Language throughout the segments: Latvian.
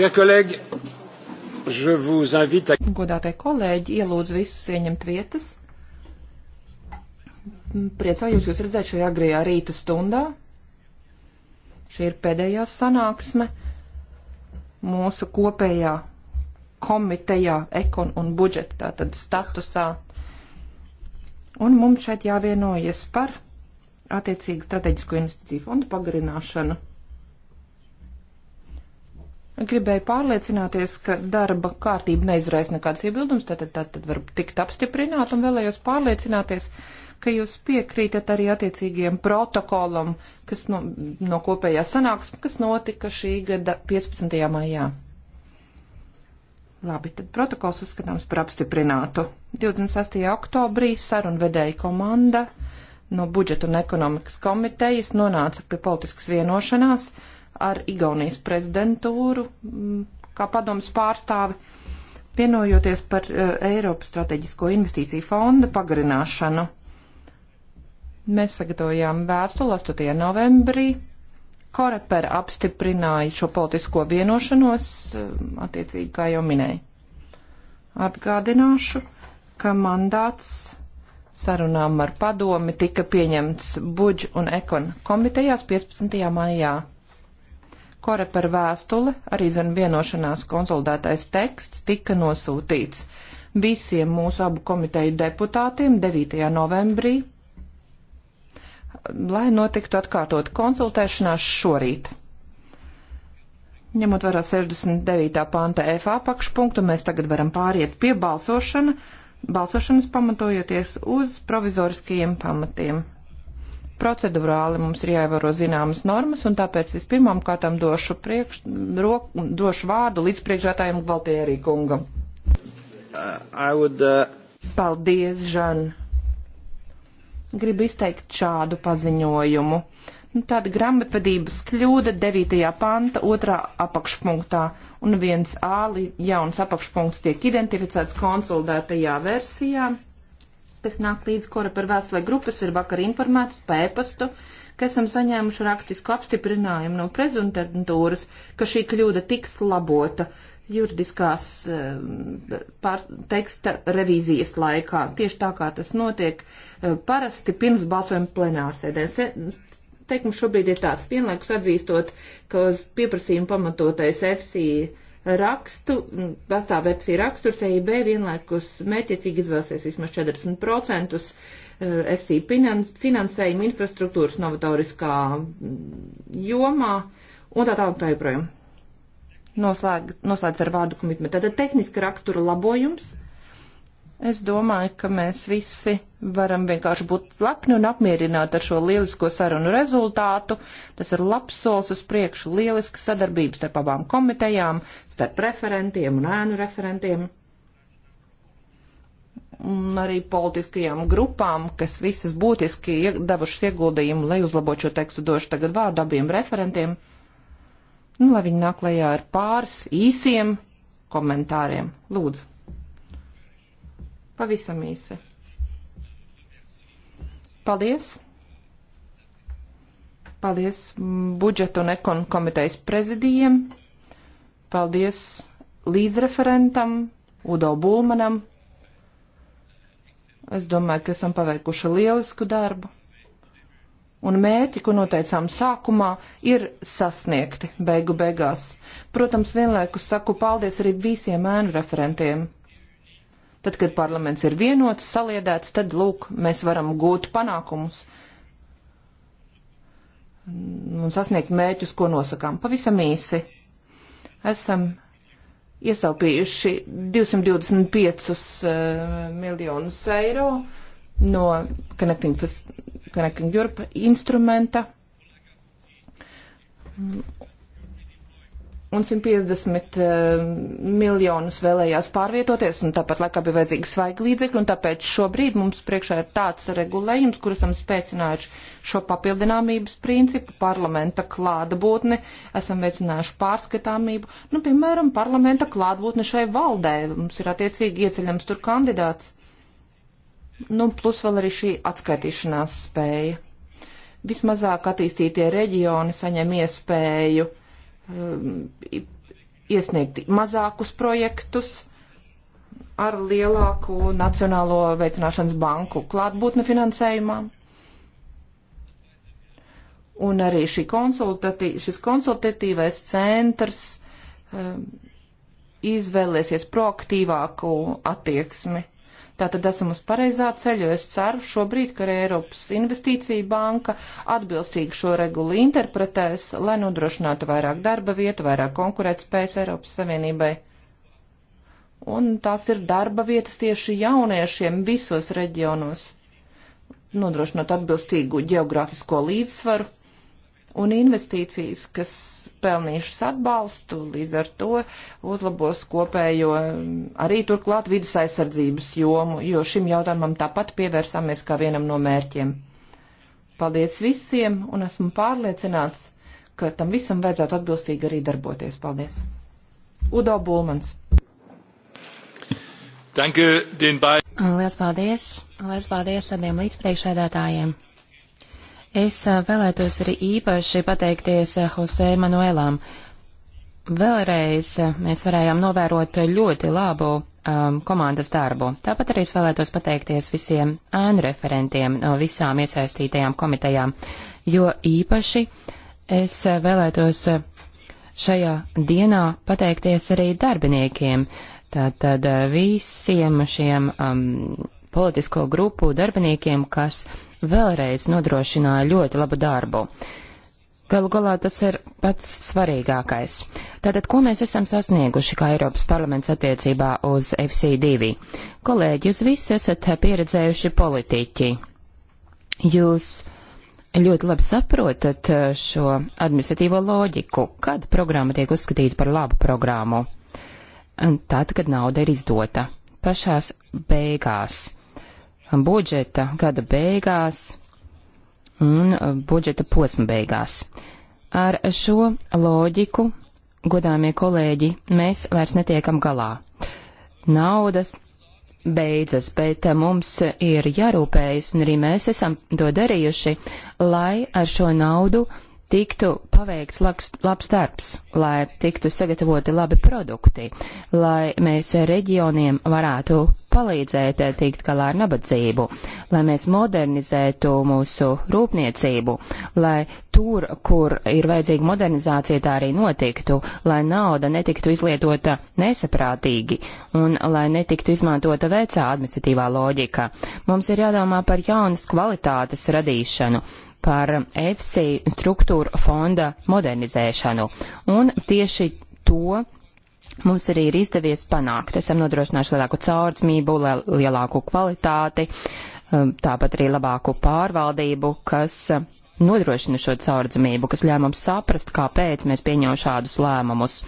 Godātie kolēģi, ielūdzu visus ieņemt vietas. Priecājos jūs redzēt šajā agrijā rīta stundā. Šī ir pēdējā sanāksme mūsu kopējā komitejā ekon un budžeta tātad statusā. Un mums šeit jāvienojas par attiecīgu strateģisko investīciju fondu pagarināšanu gribēju pārliecināties, ka darba kārtība neizraisa nekādas iebildumus, tad, tad, tad var tikt apstiprināt un vēlējos pārliecināties, ka jūs piekrītat arī attiecīgiem protokolam, kas no, no kopējā sanāksme, kas notika šī gada 15. maijā. Labi, tad protokols uzskatāms par apstiprinātu. 26. oktobrī sarunvedēja komanda no budžeta un ekonomikas komitejas nonāca pie politiskas vienošanās ar Igaunijas prezidentūru mm, kā padomas pārstāvi, vienojoties par eh, Eiropas strateģisko investīciju fonda pagarināšanu. Mēs sagatavojām vēstuli 8. novembrī. Koreper apstiprināja šo politisko vienošanos, eh, attiecīgi, kā jau minēju. Atgādināšu, ka mandāts sarunām ar padomi tika pieņemts budž un ekon komitejās 15. maijā. Kore par vēstuli, arī zem vienošanās konsolidētais teksts tika nosūtīts visiem mūsu abu komiteju deputātiem 9. novembrī, lai notiktu atkārtot konsultēšanās šorīt. Ņemot vērā 69. panta F apakšpunktu, mēs tagad varam pāriet pie balsošana, balsošanas pamatojoties uz provizoriskajiem pamatiem. Procedurāli mums ir jāievaro zināmas normas, un tāpēc vispirmām kārtām došu, priekš, ro, došu vārdu līdz priekšētājiem Gvaltierī kungam. Uh, would, uh... Paldies, Žan! Gribu izteikt šādu paziņojumu. Nu, tāda grāmatvedības kļūda 9. panta 2. apakšpunktā un 1a jauns apakšpunkts tiek identificēts konsolidētajā versijā kas nāk līdz kora par vēstulē grupas, ir vakar informētas pa e-pastu, ka esam saņēmuši rakstisku apstiprinājumu no prezidentūras, ka šī kļūda tiks labota juridiskās eh, pār, teksta revīzijas laikā. Tieši tā kā tas notiek eh, parasti pirms balsojuma plenārsēdē teikums šobrīd ir tāds, vienlaikus atzīstot, ka uz pieprasījumu pamatotais FCI rakstu, nu, pastāv EPSI raksturs, EIB vienlaikus mērķiecīgi izvēlsies vismaz 40% EPSI eh, finansējuma infrastruktūras novatoriskā mm, jomā un tā tālāk tā joprojām. Noslēdz ar vārdu komitmetu. Tātad tehniska rakstura labojums. Uh, Es domāju, ka mēs visi varam vienkārši būt lepni un apmierināti ar šo lielisko sarunu rezultātu. Tas ir labs solis uz priekšu, lieliska sadarbība starp abām komitejām, starp referentiem un ēnu referentiem. Un arī politiskajām grupām, kas visas būtiski devušas ieguldījumu, lai uzlabotu šo tekstu, došu tagad vārdu abiem referentiem. Nu, lai viņi nāk lejā ar pāris īsiem komentāriem. Lūdzu. Pavisam īsi. Paldies! Paldies budžetu un ekonu komitejas prezidijiem. Paldies līdzreferentam Udo Bulmanam. Es domāju, ka esam paveikuši lielisku darbu un mērķi, ko noteicām sākumā, ir sasniegti beigu beigās. Protams, vienlaikus saku paldies arī visiem ēnu referentiem Tad, kad parlaments ir vienots, saliedēts, tad, lūk, mēs varam gūt panākumus un sasniegt mēķus, ko nosakām. Pavisam īsi. Esam iesāpījuši 225 uh, miljonus eiro no Connecting, Connecting Europe instrumenta un 150 uh, eh, miljonus vēlējās pārvietoties, un tāpat laikā bija vajadzīgi svaigi līdzekļi, un tāpēc šobrīd mums priekšā ir tāds regulējums, kur esam spēcinājuši šo papildināmības principu, parlamenta klātbūtni, esam veicinājuši pārskatāmību, nu, piemēram, parlamenta klātbūtni šai valdē, mums ir attiecīgi ieceļams tur kandidāts, nu, plus vēl arī šī atskaitīšanās spēja. Vismazāk attīstītie reģioni saņem iespēju Um, iesniegt mazākus projektus ar lielāku Nacionālo veicināšanas banku klātbūtni finansējumā. Un arī šī konsultatī, šis konsultatīvais centrs um, izvēlēsies proaktīvāku attieksmi Tātad esam uz pareizā ceļa. Es ceru šobrīd, ka Eiropas investīcija banka atbilstīgi šo regulu interpretēs, lai nodrošinātu vairāk darba vietu, vairāk konkurētspējas Eiropas Savienībai. Un tās ir darba vietas tieši jauniešiem visos reģionos, nodrošinot atbilstīgu geogrāfisko līdzsvaru un investīcijas, kas pelnījušas atbalstu, līdz ar to uzlabos kopējo arī turklāt vidas aizsardzības jomu, jo šim jautājumam tāpat pievērsāmies kā vienam no mērķiem. Paldies visiem, un esmu pārliecināts, ka tam visam vajadzētu atbilstīgi arī darboties. Paldies! Udo Bulmans. Danke, den beiden. Lielas paldies! Lielas paldies abiem līdzpriekšēdētājiem! Es vēlētos arī īpaši pateikties Jose Manuēlam. Vēlreiz mēs varējām novērot ļoti labu um, komandas darbu. Tāpat arī es vēlētos pateikties visiem ēnu referentiem no visām iesaistītajām komitejām, jo īpaši es vēlētos šajā dienā pateikties arī darbiniekiem, tātad visiem šiem um, politisko grupu darbiniekiem, kas vēlreiz nodrošināja ļoti labu darbu. Galu galā tas ir pats svarīgākais. Tātad, ko mēs esam sasnieguši kā Eiropas parlaments attiecībā uz FC2? Kolēģi, jūs visi esat pieredzējuši politiķi. Jūs ļoti labi saprotat eh, šo administratīvo loģiku, kad programma tiek uzskatīta par labu programmu. Tad, kad nauda ir izdota. Pašās beigās budžeta gada beigās un e, budžeta posma beigās. Ar šo loģiku, godāmie kolēģi, mēs vairs netiekam galā. Naudas beidzas, bet e, mums ir jārūpējas, un arī mēs esam to darījuši, lai ar šo naudu tiktu paveikts labs, labs darbs, lai tiktu sagatavoti labi produkti, lai mēs reģioniem varētu palīdzēt eh, tikt galā ar nabadzību, lai mēs modernizētu mūsu rūpniecību, lai tur, kur ir vajadzīga modernizācija, tā arī notiktu, lai nauda netiktu izlietota nesaprātīgi un lai netiktu izmantota vecā administratīvā loģika. Mums ir jādomā par jaunas kvalitātes radīšanu par EFSI struktūra fonda modernizēšanu. Un tieši to mums arī ir izdevies panākt. Esam nodrošinājuši lielāku caurdzmību, lielāku kvalitāti, um, tāpat arī labāku pārvaldību, kas um, nodrošina šo caurdzmību, kas ļauj mums saprast, kāpēc mēs pieņemam šādus lēmumus.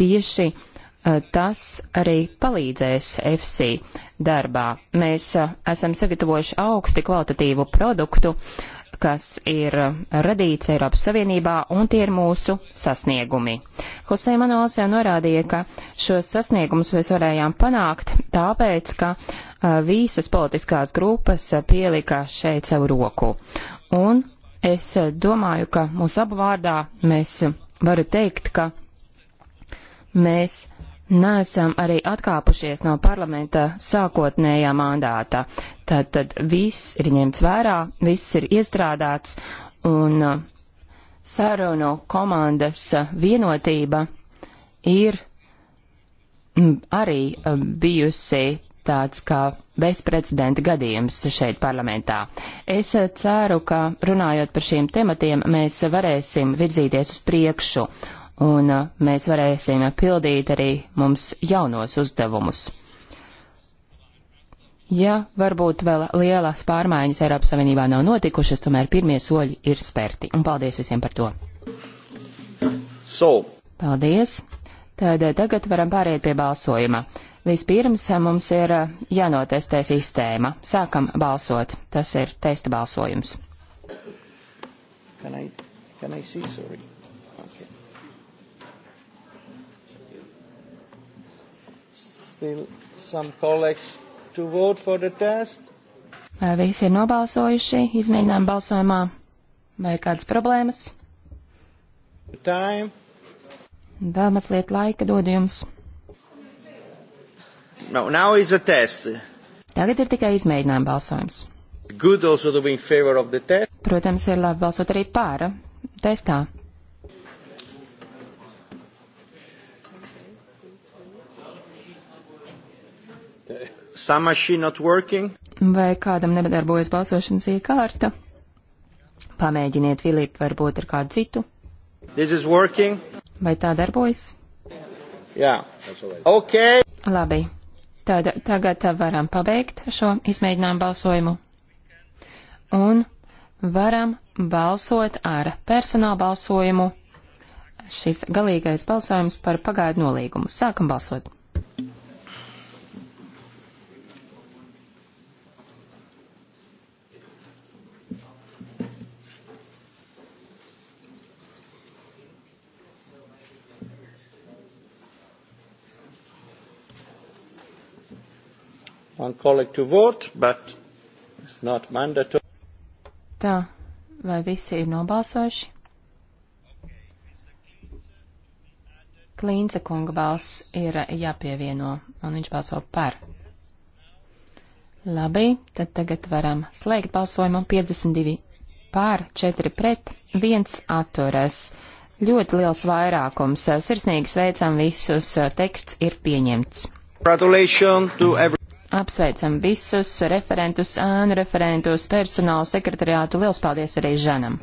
Tieši uh, tas arī palīdzēs FC darbā. Mēs uh, esam sagatavojuši augsti kvalitatīvu produktu, uh, kas ir radīts Eiropas Savienībā, un tie ir mūsu sasniegumi. Hosē Manuels jau norādīja, ka šos sasniegumus mēs varējām panākt tāpēc, ka visas politiskās grupas pielika šeit savu roku. Un es domāju, ka mūsu abu vārdā mēs varu teikt, ka mēs Nesam arī atkāpušies no parlamenta sākotnējā mandāta. Tad, tad viss ir ņemts vērā, viss ir iestrādāts un uh, sarunu komandas uh, vienotība ir mm, arī uh, bijusi tāds kā bezprecedenta gadījums šeit parlamentā. Es ceru, ka runājot par šiem tematiem, mēs varēsim virzīties uz priekšu un uh, mēs varēsim pildīt arī mums jaunos uzdevumus. Ja varbūt vēl lielas pārmaiņas Eiropas Savienībā nav notikušas, tomēr pirmie soļi ir spērti. Un paldies visiem par to. So. Paldies. Tad uh, tagad varam pāriet pie balsojuma. Vispirms uh, mums ir jānotestē sistēma. Sākam balsot. Tas ir testa balsojums. Can I, can I see, sorry. still some colleagues to vote for the test. Vai visi ir nobalsojuši izmēģinājumu balsojumā? Vai ir kādas problēmas? Time. Vēl mazliet laika dod jums. No, now is a test. Tagad ir tikai izmēģinājuma balsojums. Good also to be in favor of the test. Protams, ir labi balsot arī pāra testā. Some machine not working? Vai kādam nedarbojas balsošanas iekārta? Pamēģiniet, Filip, varbūt ar kādu citu. This is working. Vai tā darbojas? Jā. Yeah. Ok. Labi. Tad tagad varam pabeigt šo izmēģinājumu balsojumu. Un varam balsot ar personālu balsojumu. Šis galīgais balsojums par pagaidu nolīgumu. Sākam balsot. one colleague to vote, but it's not mandatory. Tā, vai visi ir nobalsojuši? Klīnce kunga balss ir jāpievieno, un viņš balso par. Labi, tad tagad varam slēgt balsojumu 52 pār, 4 pret, 1 atturas. Ļoti liels vairākums. Sirsnīgi sveicam visus, teksts ir pieņemts. Congratulations to everyone. Apsveicam visus referentus, ēnu referentus, personālu sekretariātu. Liels paldies arī Žanam!